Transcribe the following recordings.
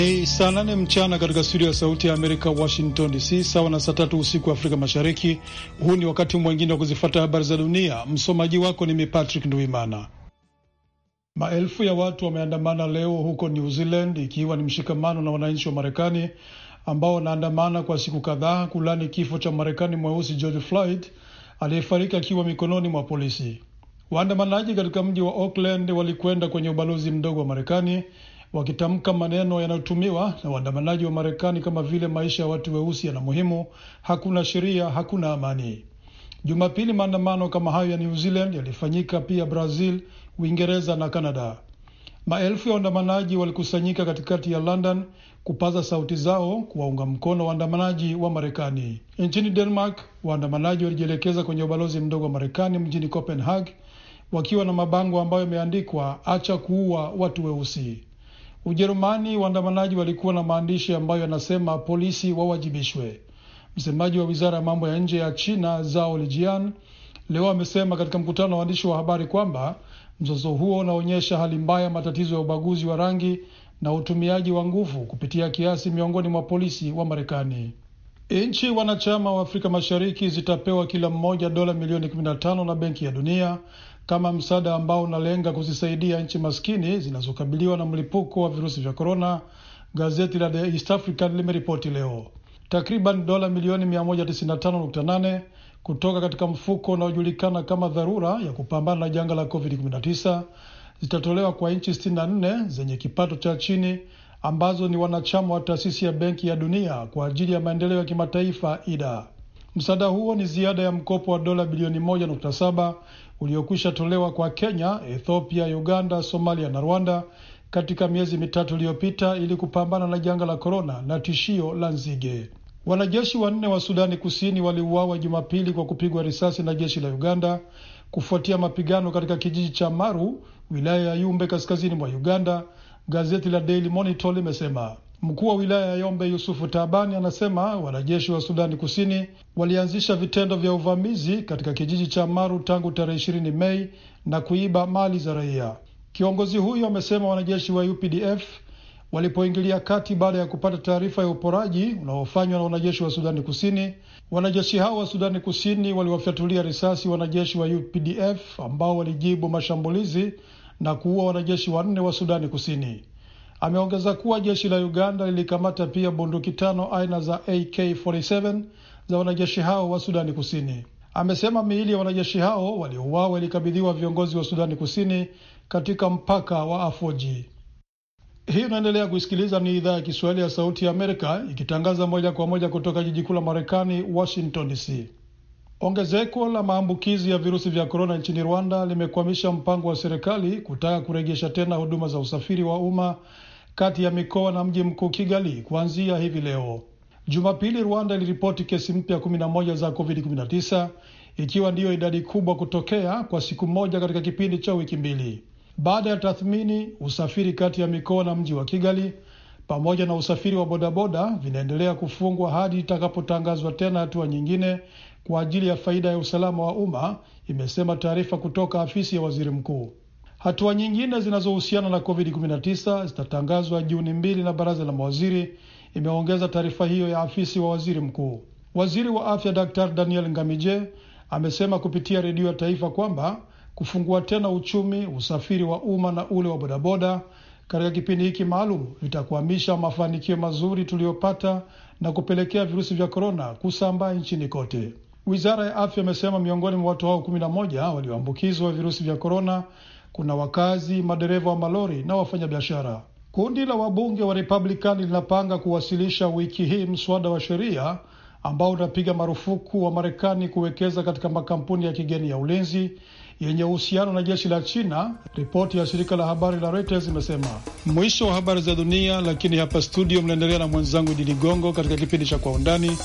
Ni saa nane mchana katika studio ya Sauti ya Amerika, Washington DC, sawa na saa tatu usiku wa Afrika Mashariki. Huu ni wakati mwengine wa kuzifata habari za dunia. Msomaji wako ni mimi Patrick Nduimana. Maelfu ya watu wameandamana leo huko New Zealand, ikiwa ni mshikamano na wananchi wa Marekani ambao wanaandamana kwa siku kadhaa kulani kifo cha Marekani mweusi George Floyd aliyefariki akiwa mikononi mwa polisi. Waandamanaji katika mji wa Auckland walikwenda kwenye ubalozi mdogo wa Marekani wakitamka maneno yanayotumiwa na waandamanaji wa Marekani kama vile maisha ya watu weusi yana muhimu, hakuna sheria, hakuna amani. Jumapili, maandamano kama hayo ya New Zealand yalifanyika pia Brazil, Uingereza na Kanada. Maelfu ya waandamanaji walikusanyika katikati ya London kupaza sauti zao kuwaunga mkono waandamanaji wa Marekani. Nchini Denmark, waandamanaji walijielekeza kwenye ubalozi mdogo wa Marekani mjini Copenhagen wakiwa na mabango ambayo yameandikwa acha kuua watu weusi. Ujerumani waandamanaji walikuwa na maandishi ambayo yanasema polisi wawajibishwe. Msemaji wa wizara ya mambo ya nje ya China Zhao Lijian leo amesema katika mkutano wa waandishi wa habari kwamba mzozo huo unaonyesha hali mbaya, matatizo ya ubaguzi wa rangi na utumiaji wa nguvu kupitia kiasi miongoni mwa polisi wa Marekani. Nchi wanachama wa Afrika Mashariki zitapewa kila mmoja dola milioni 15 na Benki ya Dunia kama msaada ambao unalenga kuzisaidia nchi maskini zinazokabiliwa na mlipuko wa virusi vya korona, gazeti la The East African limeripoti leo. Takriban dola milioni 195.8 kutoka katika mfuko unaojulikana kama dharura ya kupambana na janga la COVID-19 zitatolewa kwa nchi 64 zenye kipato cha chini ambazo ni wanachama wa taasisi ya Benki ya Dunia kwa ajili ya maendeleo ya kimataifa IDA. Msaada huo ni ziada ya mkopo wa dola bilioni 1.7 uliokwisha tolewa kwa Kenya, Ethiopia, Uganda, Somalia na Rwanda katika miezi mitatu iliyopita ili kupambana na janga la korona na tishio la nzige. Wanajeshi wanne wa Sudani Kusini waliuawa Jumapili kwa kupigwa risasi na jeshi la Uganda kufuatia mapigano katika kijiji cha Maru, wilaya ya Yumbe, kaskazini mwa Uganda, gazeti la Daily Monitor limesema. Mkuu wa wilaya ya Yombe Yusufu Taabani anasema wanajeshi wa Sudani Kusini walianzisha vitendo vya uvamizi katika kijiji cha Maru tangu tarehe ishirini Mei na kuiba mali za raia. Kiongozi huyo amesema wanajeshi wa UPDF walipoingilia kati baada ya kupata taarifa ya uporaji unaofanywa na wanajeshi wa Sudani Kusini. Wanajeshi hao wa Sudani Kusini waliwafyatulia risasi wanajeshi wa UPDF ambao walijibu mashambulizi na kuua wanajeshi wanne wa Sudani Kusini. Ameongeza kuwa jeshi la Uganda lilikamata pia bunduki tano aina za AK47 za wanajeshi hao wa Sudani Kusini. Amesema miili ya wanajeshi hao waliouawa ilikabidhiwa viongozi wa Sudani Kusini katika mpaka wa Afoji. Hii unaendelea kuisikiliza, ni idhaa ya Kiswahili ya Sauti ya Amerika ikitangaza moja kwa moja kutoka jiji kuu la Marekani, Washington DC. Ongezeko la maambukizi ya virusi vya korona nchini Rwanda limekwamisha mpango wa serikali kutaka kurejesha tena huduma za usafiri wa umma kati ya mikoa na mji mkuu Kigali kuanzia hivi leo. Jumapili, Rwanda iliripoti kesi mpya 11 za COVID-19 ikiwa ndiyo idadi kubwa kutokea kwa siku moja katika kipindi cha wiki mbili. Baada ya tathmini, usafiri kati ya mikoa na mji wa Kigali pamoja na usafiri wa bodaboda vinaendelea kufungwa hadi itakapotangazwa tena hatua nyingine kwa ajili ya faida ya usalama wa umma, imesema taarifa kutoka afisi ya waziri mkuu. Hatua nyingine zinazohusiana na COVID-19 zitatangazwa Juni mbili na baraza la mawaziri, imeongeza taarifa hiyo ya afisi wa waziri mkuu. Waziri wa afya dr Daniel Ngamije amesema kupitia redio ya taifa kwamba kufungua tena uchumi, usafiri wa umma na ule wa bodaboda katika kipindi hiki maalum vitakwamisha mafanikio mazuri tuliyopata na kupelekea virusi vya korona kusambaa nchini kote. Wizara ya afya imesema miongoni mwa watu hao kumi na moja walioambukizwa virusi vya korona kuna wakazi, madereva wa malori na wafanyabiashara. Kundi la wabunge wa Republikani linapanga kuwasilisha wiki hii mswada wa sheria ambao unapiga marufuku wa Marekani kuwekeza katika makampuni ya kigeni ya ulinzi yenye uhusiano na jeshi la China. Ripoti ya shirika la habari la Reuters imesema. Mwisho wa habari za dunia, lakini hapa studio mnaendelea na mwenzangu Idi Ligongo katika kipindi cha Kwa Undani.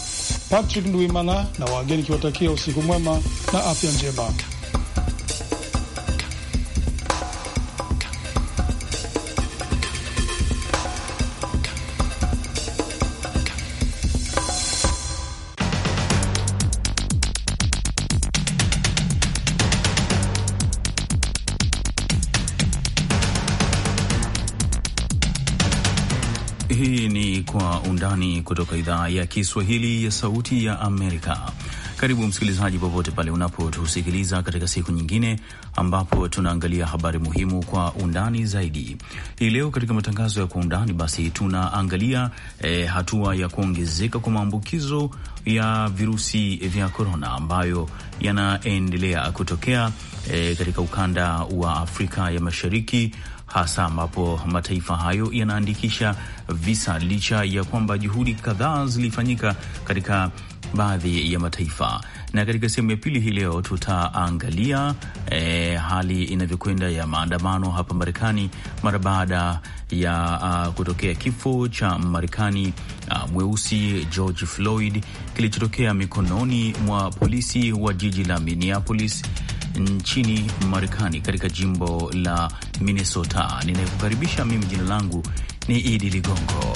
Patrick Ndwimana na wageni kiwatakia usiku mwema na afya njema. Undani kutoka idhaa ya Kiswahili ya Sauti ya Amerika. Karibu msikilizaji, popote pale unapotusikiliza katika siku nyingine ambapo tunaangalia habari muhimu kwa undani zaidi. Hii leo katika matangazo ya kwa undani, basi tunaangalia e, hatua ya kuongezeka kwa maambukizo ya virusi vya korona ambayo yanaendelea kutokea e, katika ukanda wa Afrika ya Mashariki hasa ambapo mataifa hayo yanaandikisha visa, licha ya kwamba juhudi kadhaa zilifanyika katika baadhi ya mataifa. Na katika sehemu ya pili hii leo tutaangalia e, hali inavyokwenda ya maandamano hapa Marekani mara baada ya a, ah, kutokea kifo cha Marekani ah, mweusi George Floyd kilichotokea mikononi mwa polisi wa jiji la Minneapolis nchini Marekani, katika jimbo la Minnesota. Ninayekukaribisha mimi, jina langu ni Idi Ligongo.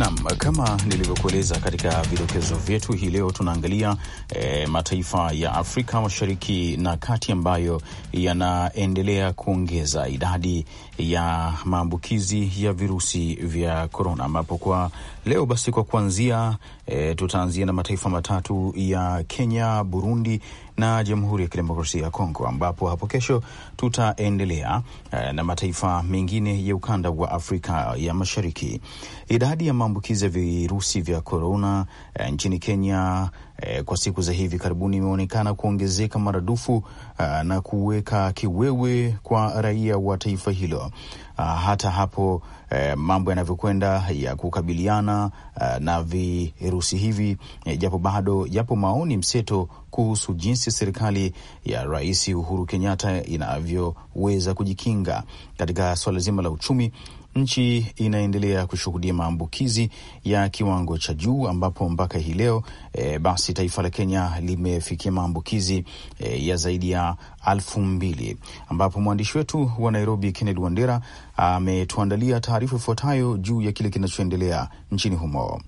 Nam, kama nilivyokueleza katika vidokezo vyetu, hii leo tunaangalia e, mataifa ya Afrika Mashariki na Kati ambayo yanaendelea kuongeza idadi ya maambukizi ya virusi vya korona, ambapo kwa leo basi, kwa kuanzia e, tutaanzia na mataifa matatu ya Kenya, Burundi na Jamhuri ya Kidemokrasia ya Kongo, ambapo hapo kesho tutaendelea eh, na mataifa mengine ya ukanda wa Afrika ya Mashariki. Idadi ya maambukizi ya virusi vya korona eh, nchini Kenya eh, kwa siku za hivi karibuni imeonekana kuongezeka maradufu ah, na kuweka kiwewe kwa raia wa taifa hilo. Ah, hata hapo E, mambo yanavyokwenda ya kukabiliana ah, na virusi hivi e, japo bado yapo maoni mseto kuhusu jinsi serikali ya Rais Uhuru Kenyatta inavyoweza kujikinga katika swala zima la uchumi nchi inaendelea kushuhudia maambukizi ya kiwango cha juu ambapo mpaka hii leo e, basi taifa la Kenya limefikia maambukizi e, ya zaidi ya alfu mbili ambapo mwandishi wetu wa Nairobi Kennedy Wandera ametuandalia taarifa ifuatayo juu ya kile kinachoendelea nchini humo.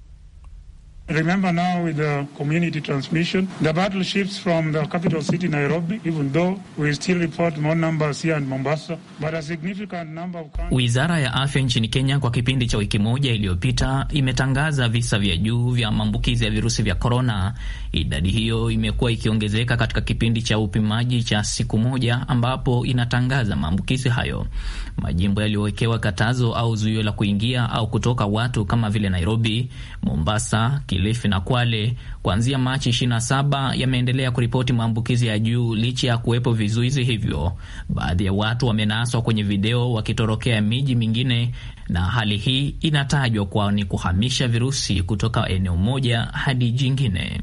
Remember now with the community transmission, the battleships from the capital city Nairobi, even though we still report more numbers here in Mombasa, but a significant number of... countries... Wizara ya Afya nchini Kenya kwa kipindi cha wiki moja iliyopita imetangaza visa vya juu vya maambukizi ya virusi vya korona. Idadi hiyo imekuwa ikiongezeka katika kipindi cha upimaji cha siku moja ambapo inatangaza maambukizi hayo. Majimbo yaliyowekewa katazo au zuio la kuingia au kutoka watu kama vile Nairobi, Mombasa, Kil Kilifi na Kwale kuanzia Machi 27 yameendelea kuripoti maambukizi ya juu licha ya kuwepo vizuizi hivyo. Baadhi ya watu wamenaswa kwenye video wakitorokea miji mingine, na hali hii inatajwa kuwa ni kuhamisha virusi kutoka eneo moja hadi jingine.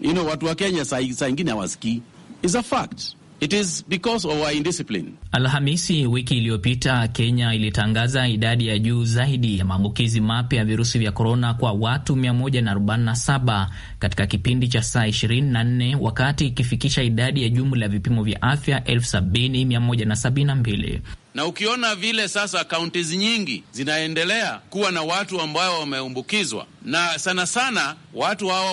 You know, watu wa Kenya saa ingine hawasikii. It's a fact. It is because of our indiscipline. Alhamisi wiki iliyopita Kenya ilitangaza idadi ya juu zaidi ya maambukizi mapya ya virusi vya korona kwa watu 147 katika kipindi cha saa 24 wakati ikifikisha idadi ya jumla ya vipimo vya afya 70172 na ukiona vile sasa kaunti nyingi zinaendelea kuwa na watu ambao wameambukizwa, na sana sana watu hawa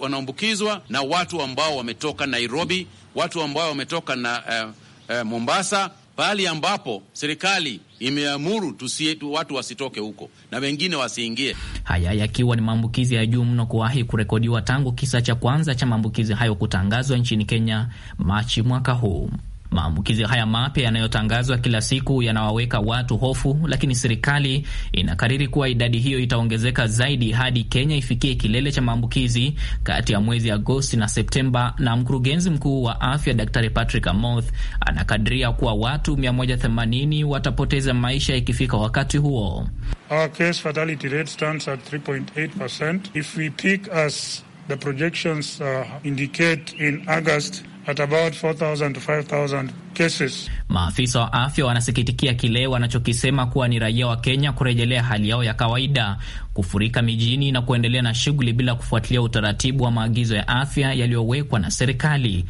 wanaambukizwa na watu ambao wametoka Nairobi watu ambao wametoka na eh, eh, Mombasa, pahali ambapo serikali imeamuru tusie, tu watu wasitoke huko na wengine wasiingie. Haya yakiwa ni maambukizi ya juu mno kuwahi kurekodiwa tangu kisa cha kwanza cha maambukizi hayo kutangazwa nchini Kenya Machi mwaka huu. Maambukizi haya mapya yanayotangazwa kila siku yanawaweka watu hofu, lakini serikali inakariri kuwa idadi hiyo itaongezeka zaidi hadi Kenya ifikie kilele cha maambukizi kati ya mwezi Agosti na Septemba, na mkurugenzi mkuu wa afya Daktari Patrick Amoth anakadiria kuwa watu 180 watapoteza maisha ikifika wakati huo. Our case fatality rate stands at 3.8%. If we peak as the projections, uh, indicate in August, at about 4,000 to 5,000 cases. Maafisa wa afya wanasikitikia kile wanachokisema kuwa ni raia wa Kenya kurejelea hali yao ya kawaida kufurika mijini na kuendelea na shughuli bila kufuatilia utaratibu wa maagizo ya afya yaliyowekwa na serikali.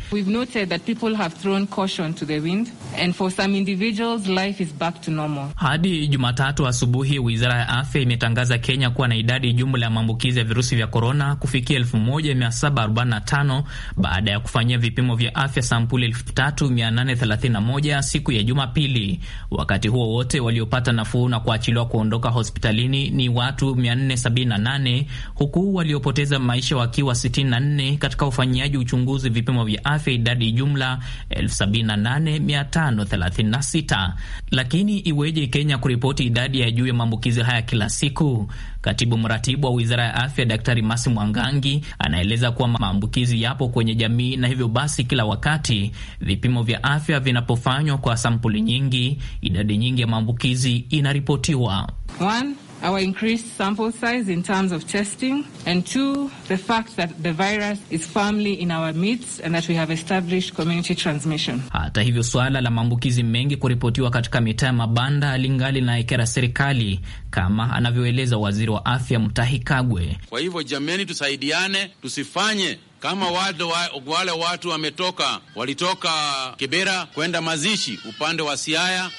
Hadi Jumatatu asubuhi, wizara ya afya imetangaza Kenya kuwa na idadi jumla ya maambukizi ya virusi vya korona kufikia 1745 baada ya kufanyia vipimo vya afya sampuli 3831 siku ya Jumapili. Wakati huo wote waliopata nafuu na kuachiliwa kuondoka hospitalini ni watu 478 huku waliopoteza maisha wakiwa 64 katika ufanyaji uchunguzi vipimo vya afya, idadi jumla 78536. Lakini iweje Kenya kuripoti idadi ya juu ya maambukizi haya kila siku? Katibu mratibu wa wizara ya afya Daktari Masi Mwangangi anaeleza kuwa maambukizi yapo kwenye jamii na hivyo basi, kila wakati vipimo vya afya vinapofanywa kwa sampuli nyingi, idadi nyingi ya maambukizi inaripotiwa. One, our increased sample size in terms of testing, and two, the fact that the virus is firmly in our midst and that we have established community transmission. Hata hivyo, suala la maambukizi mengi kuripotiwa katika mitaa ya mabanda lingali linaikera serikali, kama anavyoeleza waziri wa afya Mutahi Kagwe. Kwa hivyo, jameni, tusaidiane, tusifanye kama wale, wale watu wametoka walitoka Kibera kwenda Mazishi upande wa Siaya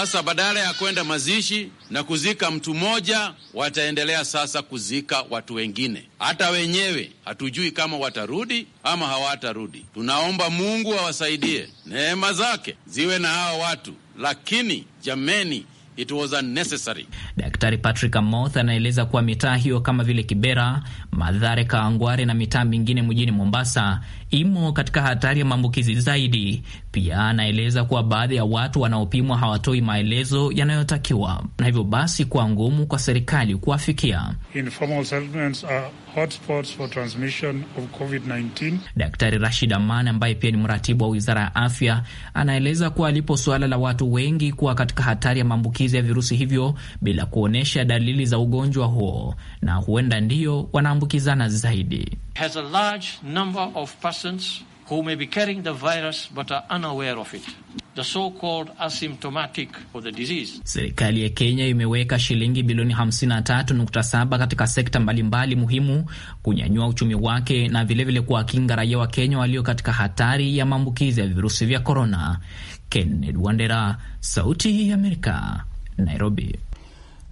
sasa badala ya kwenda mazishi na kuzika mtu mmoja, wataendelea sasa kuzika watu wengine. Hata wenyewe hatujui kama watarudi ama hawatarudi. Tunaomba Mungu awasaidie, wa neema zake ziwe na hawa watu, lakini jameni, It was unnecessary. Daktari Patrick Amoth anaeleza kuwa mitaa hiyo kama vile Kibera, Madhare, Kaangware na mitaa mingine mjini Mombasa imo katika hatari ya maambukizi zaidi pia anaeleza kuwa baadhi ya watu wanaopimwa hawatoi maelezo yanayotakiwa na hivyo basi kuwa ngumu kwa serikali kuwafikia. Daktari Rashid Aman ambaye pia ni mratibu wa wizara ya afya anaeleza kuwa lipo suala la watu wengi kuwa katika hatari ya maambukizi ya virusi hivyo bila kuonyesha dalili za ugonjwa huo, na huenda ndiyo wanaambukizana zaidi Has a large who may be carrying the virus but are unaware of it. The so-called asymptomatic of the disease. Serikali ya Kenya imeweka shilingi bilioni 53.7 katika sekta mbalimbali muhimu kunyanyua uchumi wake na vilevile kuwakinga raia wa Kenya walio katika hatari ya maambukizi ya virusi vya korona. kenned Wandera, Sauti ya Amerika, Nairobi.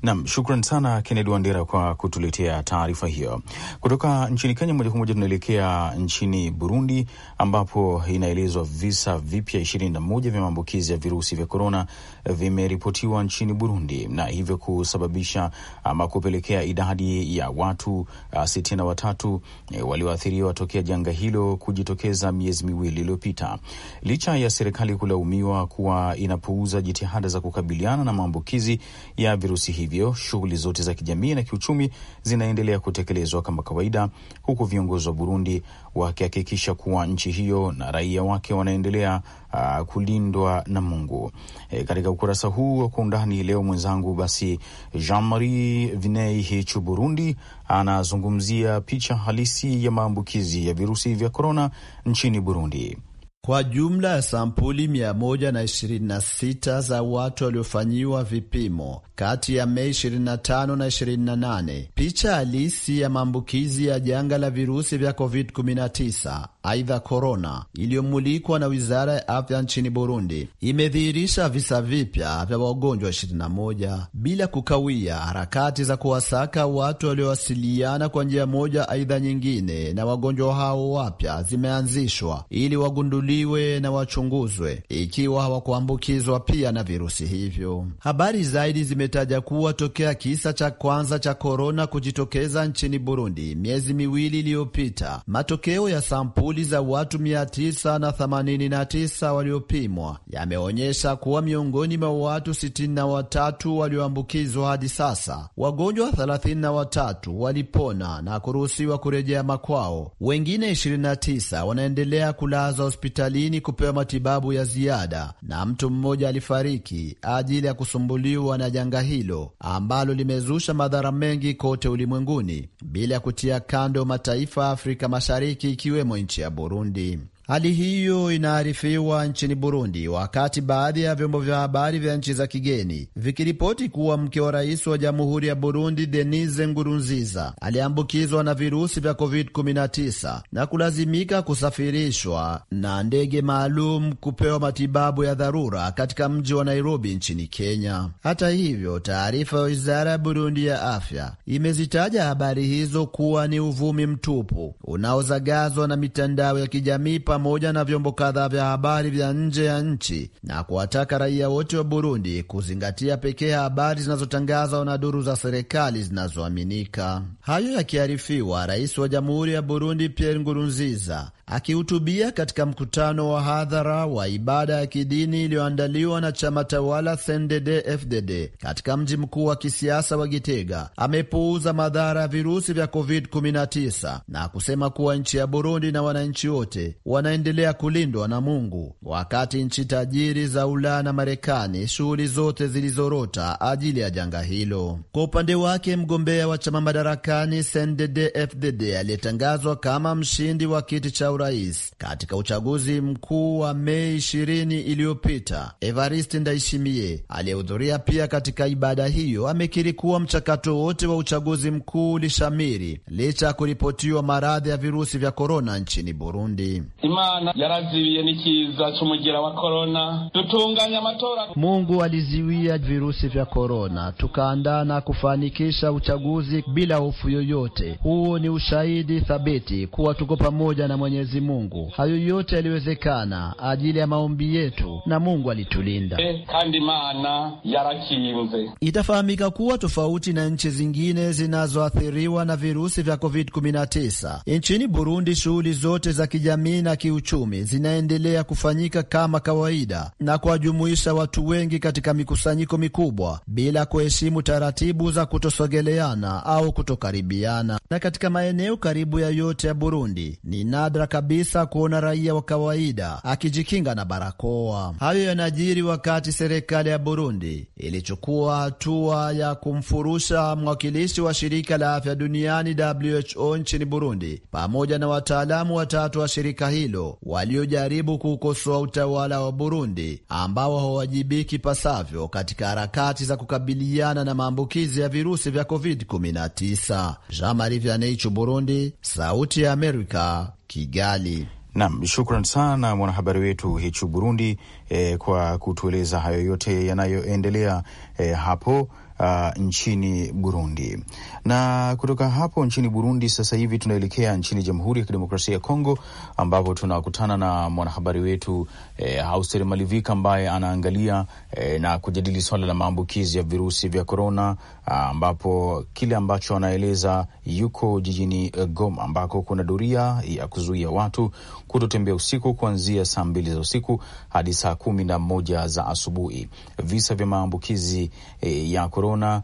Nam, shukran sana Kennedy Wandera kwa kutuletea taarifa hiyo. Kutoka nchini Kenya moja kwa moja tunaelekea nchini Burundi, ambapo inaelezwa visa vipya ishirini na moja vya maambukizi ya virusi vya korona vimeripotiwa nchini Burundi na hivyo kusababisha ama kupelekea idadi ya watu uh, sitini na watatu e, walioathiriwa tokea janga hilo kujitokeza miezi miwili iliyopita. Licha ya serikali kulaumiwa kuwa inapuuza jitihada za kukabiliana na maambukizi ya virusi hivyo, shughuli zote za kijamii na kiuchumi zinaendelea kutekelezwa kama kawaida, huku viongozi wa Burundi wakihakikisha kuwa nchi hiyo na raia wake wanaendelea uh, kulindwa na Mungu e, katika ukurasa huu wa kwa undani leo mwenzangu, basi Jean Marie Vinei Hichu Burundi anazungumzia picha halisi ya maambukizi ya virusi vya korona nchini Burundi. Kwa jumla ya sampuli 126 za watu waliofanyiwa vipimo kati ya Mei 25 na 28, picha halisi ya maambukizi ya janga la virusi vya COVID-19 Aidha, korona iliyomulikwa na wizara ya afya nchini Burundi imedhihirisha visa vipya vya wagonjwa 21 bila kukawia harakati za kuwasaka watu waliowasiliana kwa njia moja aidha nyingine na wagonjwa hao wapya zimeanzishwa ili wagunduliwe na wachunguzwe ikiwa hawakuambukizwa pia na virusi hivyo. Habari zaidi zimetaja kuwa tokea kisa cha kwanza cha korona kujitokeza nchini Burundi miezi miwili iliyopita, matokeo ya sampuli za watu 989 waliopimwa yameonyesha kuwa miongoni mwa watu 63 walioambukizwa hadi sasa, wagonjwa 33 walipona na kuruhusiwa kurejea makwao. Wengine 29 wanaendelea kulazwa hospitalini kupewa matibabu ya ziada, na mtu mmoja alifariki ajili ya kusumbuliwa na janga hilo ambalo limezusha madhara mengi kote ulimwenguni bila ya kutia kando mataifa ya Afrika Mashariki ikiwemo nchi ya Burundi. Hali hiyo inaarifiwa nchini Burundi wakati baadhi ya vyombo vya habari vya nchi za kigeni vikiripoti kuwa mke wa rais wa jamhuri ya Burundi Denise Ngurunziza aliambukizwa na virusi vya COVID-19 na kulazimika kusafirishwa na ndege maalum kupewa matibabu ya dharura katika mji wa Nairobi nchini Kenya. Hata hivyo, taarifa ya wizara ya Burundi ya afya imezitaja habari hizo kuwa ni uvumi mtupu unaozagazwa na mitandao ya kijamii pamoja na vyombo kadhaa vya habari vya nje ya nchi na kuwataka raia wote wa Burundi kuzingatia pekee habari zinazotangazwa na duru za serikali zinazoaminika. Hayo yakiarifiwa, rais wa Jamhuri ya Burundi Pierre Nkurunziza Akihutubia katika mkutano wa hadhara wa ibada ya kidini iliyoandaliwa na chama tawala CNDD-FDD katika mji mkuu wa kisiasa wa Gitega, amepuuza madhara ya virusi vya COVID-19 na kusema kuwa nchi ya Burundi na wananchi wote wanaendelea kulindwa na Mungu, wakati nchi tajiri za Ulaya na Marekani shughuli zote zilizorota ajili ya janga hilo. Kwa upande wake, mgombea wa chama madarakani CNDD-FDD aliyetangazwa kama mshindi wa kiti cha urais katika uchaguzi mkuu wa Mei ishirini iliyopita. Evariste Ndaishimie aliyehudhuria pia katika ibada hiyo amekiri kuwa mchakato wote wa uchaguzi mkuu ulishamiri licha ya kuripotiwa maradhi ya virusi vya korona nchini Burundi. Imana nikiza wa korona tutunganya Mungu aliziwia virusi vya korona tukaandaa na kufanikisha uchaguzi bila hofu yoyote. Huo ni ushahidi thabiti kuwa tuko pamoja na mwenye Mwenyezi Mungu. Hayo yote yaliwezekana ajili ya maombi yetu na Mungu alitulinda. Itafahamika kuwa tofauti na nchi zingine zinazoathiriwa na virusi vya COVID-19, nchini Burundi shughuli zote za kijamii na kiuchumi zinaendelea kufanyika kama kawaida na kuwajumuisha watu wengi katika mikusanyiko mikubwa bila kuheshimu taratibu za kutosogeleana au kutokaribiana. Na katika maeneo karibu ya yote ya Burundi ni nadra kabisa kuona raia wa kawaida akijikinga na barakoa. Hayo yanajiri wakati serikali ya Burundi ilichukua hatua ya kumfurusha mwakilishi wa shirika la afya duniani WHO nchini Burundi pamoja na wataalamu watatu wa shirika hilo waliojaribu kukosoa utawala wa Burundi ambao hawajibiki pasavyo katika harakati za kukabiliana na maambukizi ya virusi vya COVID-19. Jean Marie Vianney, Burundi, Sauti ya Amerika, Kigali. Nam, shukran sana mwanahabari wetu Hichu Burundi eh, kwa kutueleza hayo yote yanayoendelea eh, hapo Uh, nchini Burundi. Na kutoka hapo nchini Burundi sasa hivi tunaelekea nchini Jamhuri ya Kidemokrasia ya Kongo ambapo tunakutana na mwanahabari wetu e, Auster Malivika ambaye anaangalia e, na kujadili swala la maambukizi ya virusi vya korona, ambapo kile ambacho anaeleza yuko jijini e, Goma ambako kuna doria ya kuzuia watu kutotembea usiku kuanzia saa mbili za usiku hadi saa kumi na moja za asubuhi. Visa vya maambukizi e, ya korona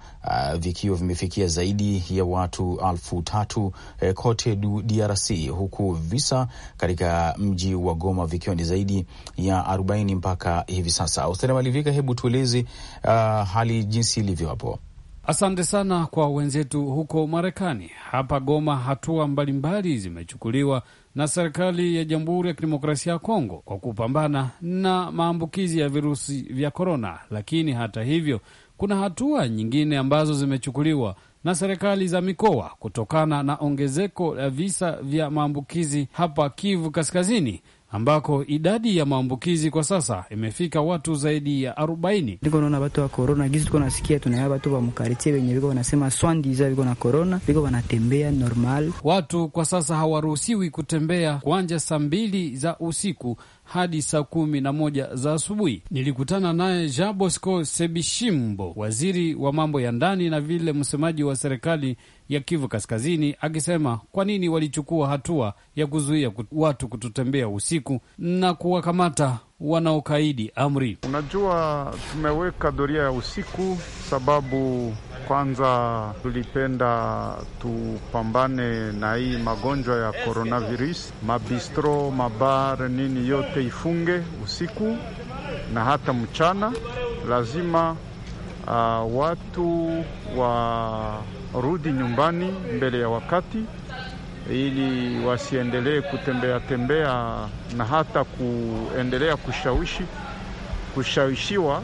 vikiwa vimefikia zaidi ya watu alfu tatu e, kote DRC, huku visa katika mji wa Goma vikiwa ni zaidi ya asilimia arobaini mpaka hivi sasa. Austeri Malivika, hebu tueleze uh, hali jinsi ilivyo hapo. Asante sana kwa wenzetu huko Marekani. Hapa Goma, hatua mbalimbali zimechukuliwa na serikali ya Jamhuri ya Kidemokrasia ya Kongo kwa kupambana na maambukizi ya virusi vya korona, lakini hata hivyo kuna hatua nyingine ambazo zimechukuliwa na serikali za mikoa kutokana na ongezeko la visa vya maambukizi hapa Kivu Kaskazini ambako idadi ya maambukizi kwa sasa imefika watu zaidi ya arobaini. Viko naona watu wa korona gizi tuko nasikia tunaya watu wamukartie wenye viko wanasema swandiza viko na korona viko wanatembea normal. Watu kwa sasa hawaruhusiwi kutembea kuanja saa mbili za usiku hadi saa kumi na moja za asubuhi. Nilikutana naye Jean Bosco Sebishimbo, waziri wa mambo ya ndani na vile msemaji wa serikali ya Kivu Kaskazini, akisema kwa nini walichukua hatua ya kuzuia watu kututembea usiku na kuwakamata wanaokaidi amri. Unajua, tumeweka doria ya usiku, sababu kwanza tulipenda tupambane na hii magonjwa ya coronavirus. Mabistro, mabar, nini yote ifunge usiku na hata mchana. Lazima uh, watu warudi nyumbani mbele ya wakati ili wasiendelee kutembea tembea na hata kuendelea kushawishi kushawishiwa.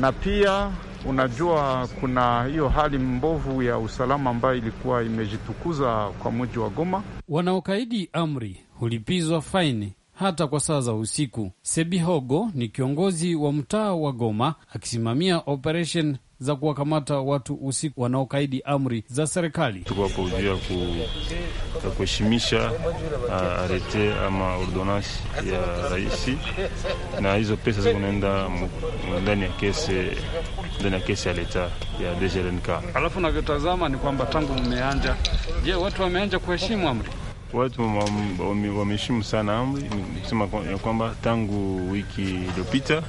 Na pia unajua, kuna hiyo hali mbovu ya usalama ambayo ilikuwa imejitukuza kwa mji wa Goma. Wanaokaidi amri hulipizwa faini hata kwa saa za usiku. Sebihogo ni kiongozi wa mtaa wa Goma akisimamia operesheni za kuwakamata watu usiku wanaokaidi amri za serikali. Tuko hapo juu ya kuheshimisha ah, arete ama ordonansi ya raisi, na hizo pesa ziko naenda ndani ya kese ndani ya kesi ya leta ya DGRNK. Alafu navyotazama ni kwamba tangu mmeanja, je, watu wameanja kuheshimu amri? watu wameheshimu sana amri, nikusema ya kwamba tangu wiki iliyopita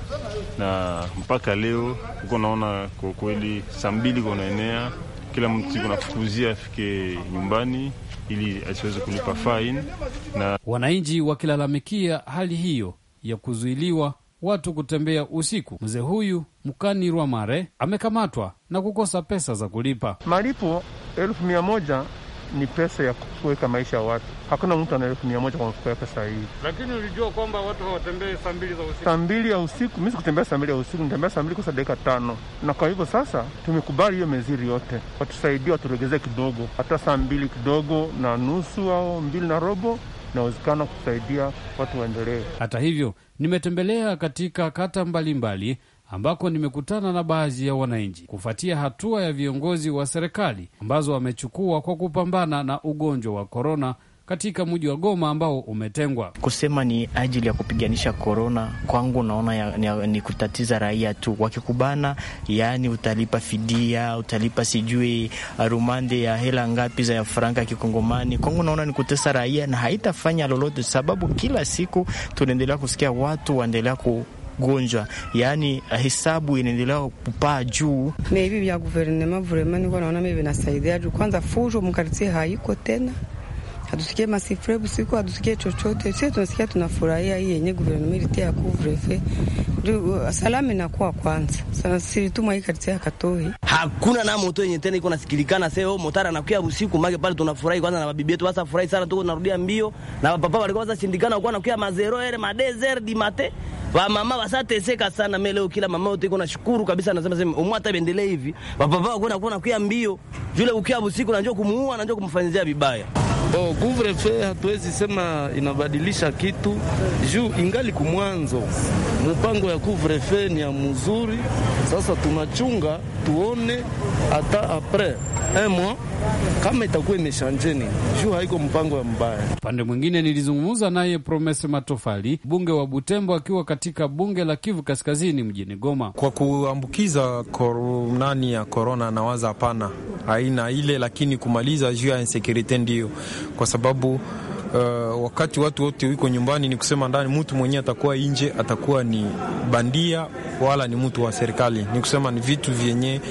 na mpaka leo huko naona kwa kweli, saa mbili kunaenea kila mtu kunafukuzia afike nyumbani ili asiweze kulipa faini, na wananchi wakilalamikia hali hiyo ya kuzuiliwa watu kutembea usiku. Mzee huyu Mkani Rwamare amekamatwa na kukosa pesa za kulipa malipo elfu mia moja ni pesa ya kuweka maisha ya watu. Hakuna mtu ana elfu mia moja kwa mfuko yake saa hii. Lakini ulijua kwamba watu hawatembee saa mbili za usiku? Saa mbili ya usiku mimi sikutembea saa mbili ya usiku, nitembea saa mbili kwa dakika tano. Na kwa hivyo sasa tumekubali hiyo meziri yote, watusaidie, waturegeze kidogo, hata saa mbili kidogo na nusu au mbili na robo inawezekana kusaidia watu waendelee. Hata hivyo nimetembelea katika kata mbalimbali mbali, ambako nimekutana na baadhi ya wananchi kufuatia hatua ya viongozi wa serikali ambazo wamechukua kwa kupambana na ugonjwa wa korona katika mji wa Goma ambao umetengwa. Kusema ni ajili ya kupiganisha korona, kwangu naona ni kutatiza raia tu. Wakikubana yaani, utalipa fidia, utalipa sijui rumande ya hela ngapi za ya franka Kikongomani. Kwangu naona ni kutesa raia na haitafanya lolote, sababu kila siku tunaendelea kusikia watu waendelea ku gonjwa, yaani hesabu inaendelea kupaa juu. Mehivi vya guvernema vrema niko naona mi vinasaidia juu, kwanza fujo mkartie haiko tena, hatusikie masifre busiku, hatusikie chochote. Sisi tunasikia tunafurahia hii yenye guvernema ilitia kuvrefe uh, Salama inakuwa kwanza sana, sisi tuma hii kartia katohi hakuna na moto yenye tena iko nasikilikana. Sasa oh, motara anakuja busiku mage pale, tunafurahi kwanza na mabibi yetu basa furahi sana, tuko tunarudia mbio na papa walikuwa basa shindikana, walikuwa anakuja mazero ere madezer di mate wa mama basateseka sana, mimi leo kila mama yote iko na shukuru kabisa, anasema sema hata bendelee hivi. Ba papa wako kuna kuona mbio, jule ukia usiku na njoo kumuua na njoo kumfanyia vibaya. Oh, couvre-feu hatuwezi sema inabadilisha kitu juu ingali kumwanzo. Mpango ya couvre-feu ni ya mzuri, sasa tunachunga tuone hata apres Emo, kama itakuwa imeshanjeni juu haiko mpango ya mbaya. Upande mwingine nilizungumza naye Promise Matofali, bunge wa Butembo, akiwa katika bunge la Kivu Kaskazini mjini Goma. Kwa kuambukiza koronani ya korona, nawaza hapana, haina ile, lakini kumaliza juu ya insekurite ndiyo kwa sababu uh, wakati watu wote wiko nyumbani, ni kusema ndani mtu mwenyewe atakuwa nje atakuwa ni bandia wala ni mtu wa serikali, ni kusema ni vitu vyenye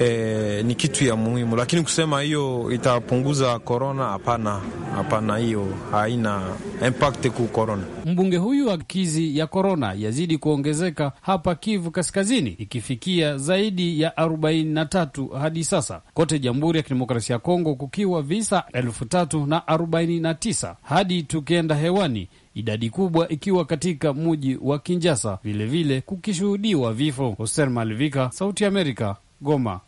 eh, ni kitu ya muhimu, lakini kusema hiyo itapunguza korona, hapana, hapana, hiyo haina impact ku korona. Mbunge huyu kizi ya korona yazidi kuongezeka hapa Kivu Kaskazini, ikifikia zaidi ya 43 hadi sasa kote Jamhuri ya Kidemokrasia ya Kongo, kukiwa visa elfu tatu na arobaini na tisa hadi tukienda hewani, idadi kubwa ikiwa katika muji wa Kinjasa, vilevile kukishuhudiwa vifo. Hoser Malivika, Sauti ya Amerika, Goma.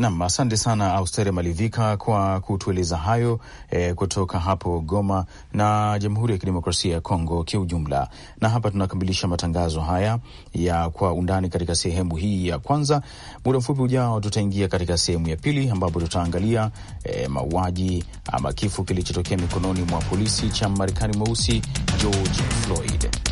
Nam, asante sana Austere Malivika kwa kutueleza hayo eh, kutoka hapo Goma na Jamhuri ya Kidemokrasia ya Kongo kiujumla. Na hapa tunakamilisha matangazo haya ya Kwa Undani katika sehemu hii ya kwanza. Muda mfupi ujao, tutaingia katika sehemu ya pili ambapo tutaangalia eh, mauaji ama kifo kilichotokea mikononi mwa polisi cha Marekani mweusi George Floyd.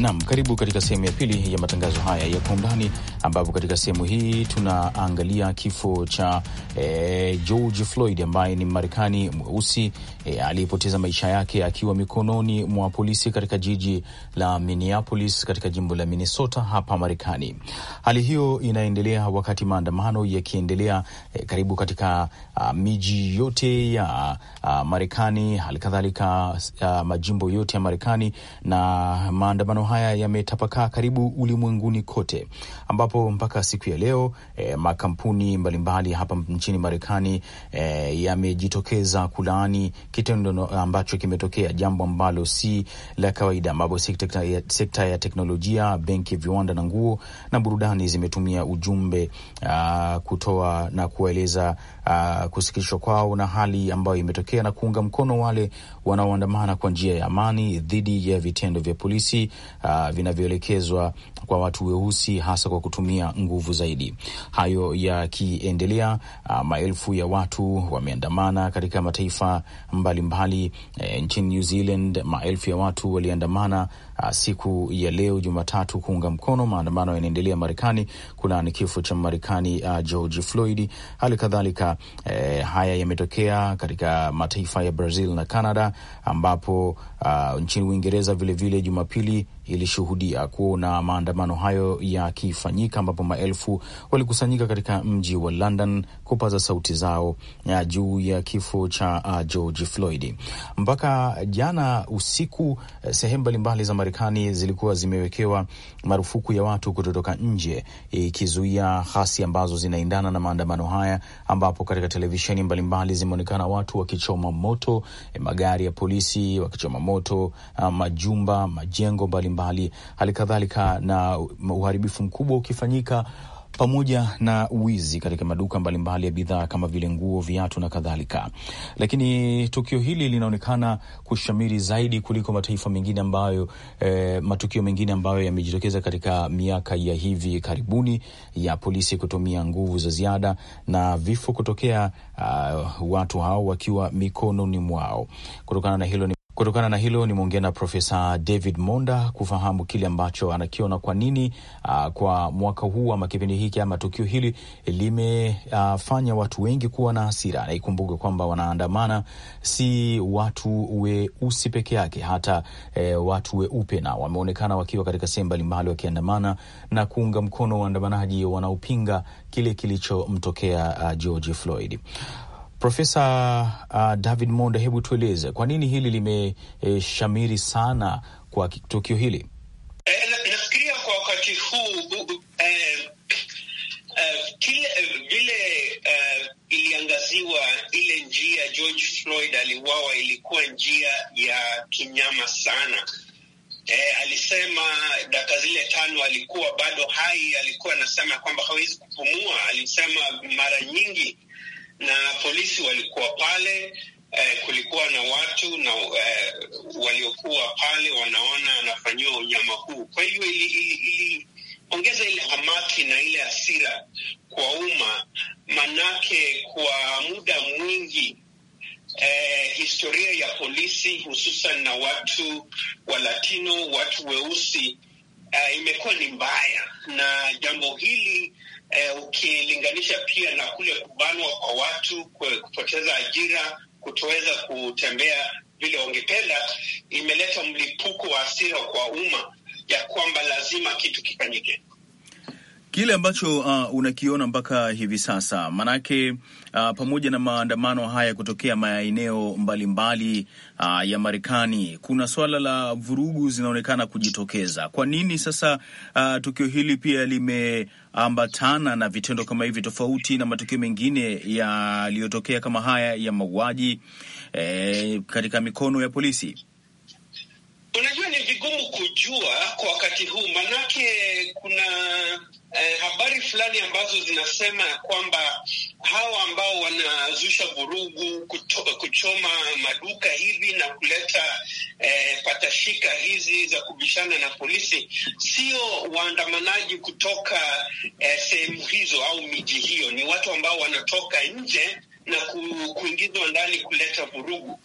Nam, karibu katika sehemu ya pili ya matangazo haya ya kwa undani, ambapo katika sehemu hii tunaangalia kifo cha e, George Floyd ambaye ni marekani mweusi e, aliyepoteza maisha yake akiwa mikononi mwa polisi katika jiji la Minneapolis katika jimbo la Minnesota hapa Marekani. Hali hiyo inaendelea wakati maandamano yakiendelea e, karibu katika a, ah, miji yote ya ah, Marekani, halikadhalika ah, majimbo yote ya Marekani na maandamano mapambano haya yametapakaa karibu ulimwenguni kote, ambapo mpaka siku ya leo e, makampuni mbalimbali hapa nchini Marekani e, yamejitokeza kulaani kitendo ambacho kimetokea, jambo ambalo si la kawaida, ambapo sekta ya, sekta ya teknolojia, benki, viwanda na nguo na burudani zimetumia ujumbe a, ah, kutoa na kuwaeleza Ah, kusikitishwa kwao na hali ambayo imetokea na kuunga mkono wale wanaoandamana kwa njia ya amani dhidi ya vitendo vya polisi ah, vinavyoelekezwa kwa watu weusi hasa kwa kutumia nguvu zaidi. Hayo yakiendelea, ah, maelfu ya watu wameandamana katika mataifa mbalimbali mbali. Eh, e, nchini New Zealand maelfu ya watu waliandamana siku ya leo Jumatatu kuunga mkono maandamano yanaendelea Marekani. Kuna ni kifo cha Marekani uh, George Floyd, hali kadhalika eh, haya yametokea katika mataifa ya Brazil na Canada ambapo uh, nchini Uingereza vilevile Jumapili ilishuhudia kuona maandamano hayo yakifanyika, ambapo maelfu walikusanyika katika mji wa London kupaza sauti zao eh, juu ya kifo cha uh, George Floyd. Mpaka jana usiku, eh, sehemu mbalimbali za Marekani zilikuwa zimewekewa marufuku ya watu kutotoka nje, ikizuia hasi ambazo zinaendana na maandamano haya, ambapo katika televisheni mbalimbali zimeonekana watu wakichoma moto magari ya polisi, wakichoma moto uh, majumba, majengo mbalimbali mbalimbali, hali kadhalika na uharibifu mkubwa ukifanyika pamoja na wizi katika maduka mbalimbali ya bidhaa kama vile nguo, viatu na kadhalika. Lakini tukio hili linaonekana kushamiri zaidi kuliko mataifa mengine ambayo eh, matukio mengine ambayo yamejitokeza katika miaka ya hivi karibuni ya polisi kutumia nguvu za ziada na vifo kutokea, uh, watu hao wakiwa mikononi mwao. Kutokana na hilo ni Kutokana na hilo nimeongea na Profesa David Monda kufahamu kile ambacho anakiona kwa nini uh, kwa mwaka huu ama kipindi hiki ama tukio hili limefanya uh, watu wengi kuwa na hasira, na ikumbuke kwamba wanaandamana si watu weusi peke yake, hata eh, watu weupe na wameonekana wakiwa katika sehemu mbalimbali wakiandamana na kuunga mkono waandamanaji wanaopinga kile kilichomtokea uh, George Floyd. Profesa uh, David Monda, hebu tueleze kwa nini hili limeshamiri eh, e, sana kwa tukio hili? Eh, nafikiria kwa wakati huu eh, vile iliangaziwa ile njia George Floyd aliuawa ilikuwa njia ya kinyama sana. Eh, alisema dakika zile tano alikuwa bado hai, alikuwa anasema kwamba hawezi kupumua. Alisema mara nyingi na polisi walikuwa pale. Eh, kulikuwa na watu na eh, waliokuwa pale wanaona anafanyiwa unyama huu. Kwa hiyo iliongeza ili, ili, ile hamaki na ile hasira kwa umma, manake kwa muda mwingi Eh, historia ya polisi hususan na watu wa Latino, watu weusi eh, imekuwa ni mbaya, na jambo hili eh, ukilinganisha pia na kule kubanwa kwa watu, kupoteza ajira, kutoweza kutembea vile wangependa, imeleta mlipuko wa hasira kwa umma ya kwamba lazima kitu kifanyike kile ambacho uh, unakiona mpaka hivi sasa manake, uh, pamoja na maandamano haya kutokea maeneo mbalimbali uh, ya Marekani, kuna swala la vurugu zinaonekana kujitokeza. Kwa nini sasa uh, tukio hili pia limeambatana na vitendo kama hivi, tofauti na matukio mengine yaliyotokea kama haya ya mauaji eh, katika mikono ya polisi? Unajua, ni vigumu kujua kwa wakati huu, manake kuna eh, habari fulani ambazo zinasema ya kwamba hawa ambao wanazusha vurugu, kuchoma maduka hivi na kuleta eh, patashika hizi za kubishana na polisi, sio waandamanaji kutoka eh, sehemu hizo au miji hiyo, ni watu ambao wanatoka nje na kuingizwa ndani kuleta vurugu.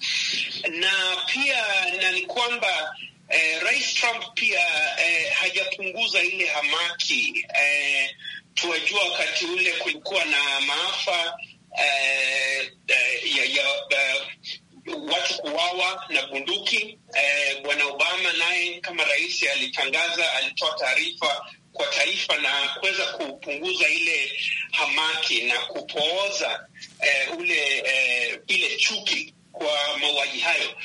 Na pia na ni kwamba eh, Rais Trump pia eh, hajapunguza ile hamaki eh, tuwajua wakati ule kulikuwa na maafa eh, eh, ya, ya eh, watu kuwawa na bunduki. Eh, Bwana Obama naye kama rais alitangaza, alitoa taarifa kwa taifa na kuweza kupunguza ile hamaki na kupooza eh, ule eh, ile chuki kwa mauaji hayo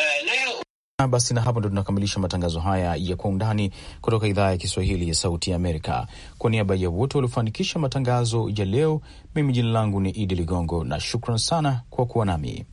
eh, nayo basi na hapo ndo tunakamilisha matangazo haya ya kwa undani kutoka idhaa ya Kiswahili ya Sauti ya Amerika. Kwa niaba ya wote waliofanikisha matangazo ya leo, mimi jina langu ni Idi Ligongo na shukran sana kwa kuwa nami.